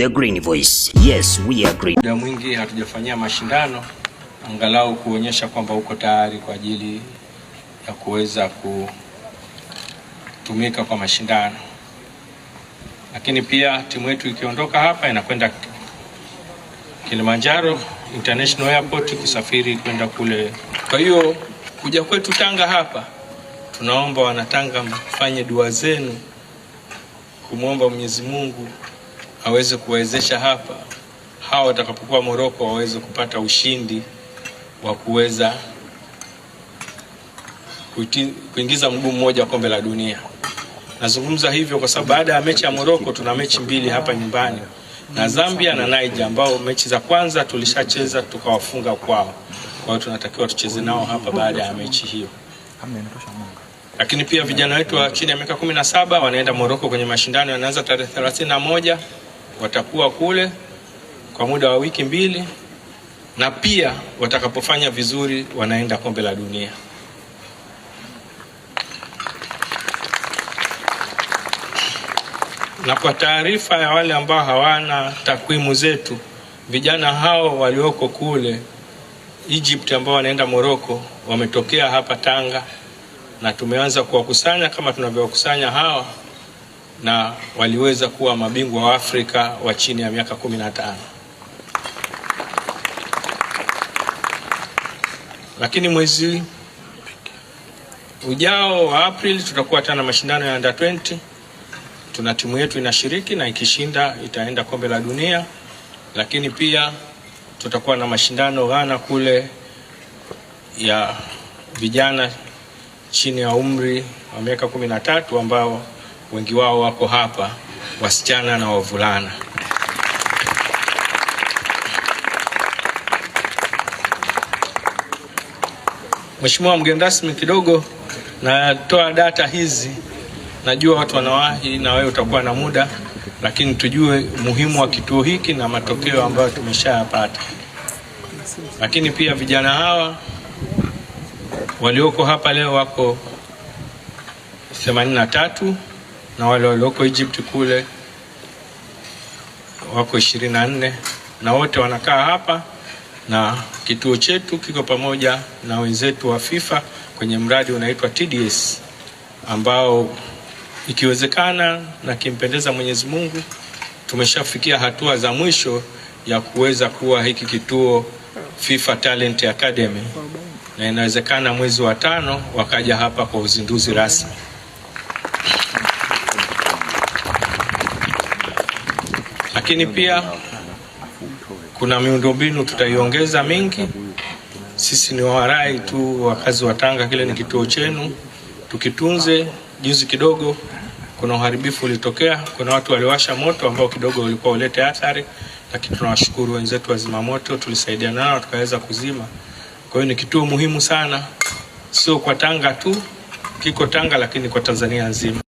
The Green Voice. Yes, we are green. Muda mwingi hatujafanyia mashindano angalau kuonyesha kwamba uko tayari kwa ajili ya kuweza kutumika kwa mashindano, lakini pia timu yetu ikiondoka hapa inakwenda Kilimanjaro International Airport kusafiri kwenda kule. Kwa hiyo kuja kwetu Tanga hapa, tunaomba Wanatanga mfanye dua zenu kumwomba Mwenyezi Mungu aweze kuwezesha hapa hawa watakapokuwa Moroko waweze kupata ushindi wa kuweza kuingiza mguu mmoja wa kombe la dunia. Nazungumza hivyo kwa sababu baada ya mechi ya Moroko tuna mechi mbili hapa nyumbani na Zambia na Niger, ambao mechi za kwanza tulishacheza tukawafunga kwao. Kwa hiyo tunatakiwa tucheze nao hapa baada ya mechi hiyo. Lakini pia vijana wetu wa chini ya miaka 17 wanaenda Moroko kwenye mashindano yanaanza tarehe 31 watakuwa kule kwa muda wa wiki mbili, na pia watakapofanya vizuri wanaenda kombe la dunia. Na kwa taarifa ya wale ambao hawana takwimu zetu, vijana hao walioko kule Egypt ambao wanaenda Morocco wametokea hapa Tanga na tumeanza kuwakusanya kama tunavyowakusanya hawa na waliweza kuwa mabingwa wa Afrika wa chini ya miaka 15. Lakini mwezi ujao wa Aprili tutakuwa tena mashindano ya under 20. Tuna timu yetu inashiriki na ikishinda itaenda kombe la dunia, lakini pia tutakuwa na mashindano Ghana kule ya vijana chini ya umri wa miaka 13 ambao wengi wao wako hapa, wasichana na wavulana. Mheshimiwa mgeni rasmi, kidogo natoa data hizi, najua watu wanawahi na wewe utakuwa na muda, lakini tujue muhimu wa kituo hiki na matokeo ambayo tumeshayapata. Lakini pia vijana hawa walioko hapa leo wako 83 na wale walioko Egypt kule wako ishirini na nne na wote wanakaa hapa, na kituo chetu kiko pamoja na wenzetu wa FIFA kwenye mradi unaitwa TDS ambao ikiwezekana na kimpendeza Mwenyezi Mungu tumeshafikia hatua za mwisho ya kuweza kuwa hiki kituo FIFA Talent Academy, na inawezekana mwezi wa tano wakaja hapa kwa uzinduzi rasmi. Lakini pia kuna miundombinu tutaiongeza mingi. Sisi ni warai tu wakazi wa Tanga, kile ni kituo chenu, tukitunze. Juzi kidogo kuna uharibifu ulitokea, kuna watu waliwasha moto ambao kidogo ulikuwa ulete athari, lakini tunawashukuru wenzetu wa zimamoto, tulisaidia nao tukaweza kuzima. Kwa hiyo ni kituo muhimu sana, sio kwa Tanga tu, kiko Tanga lakini kwa Tanzania nzima.